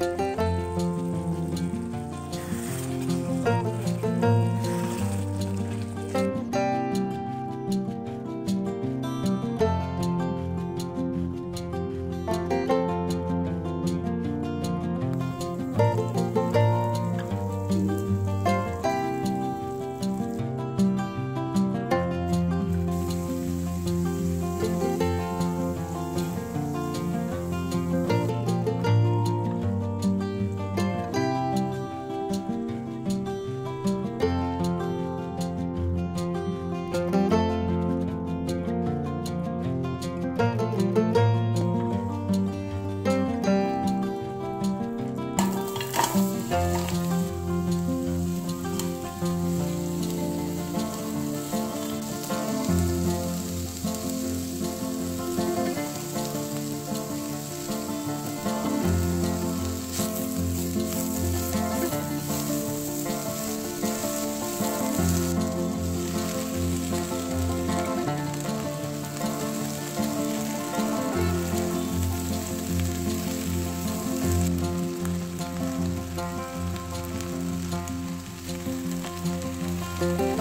you Thank you.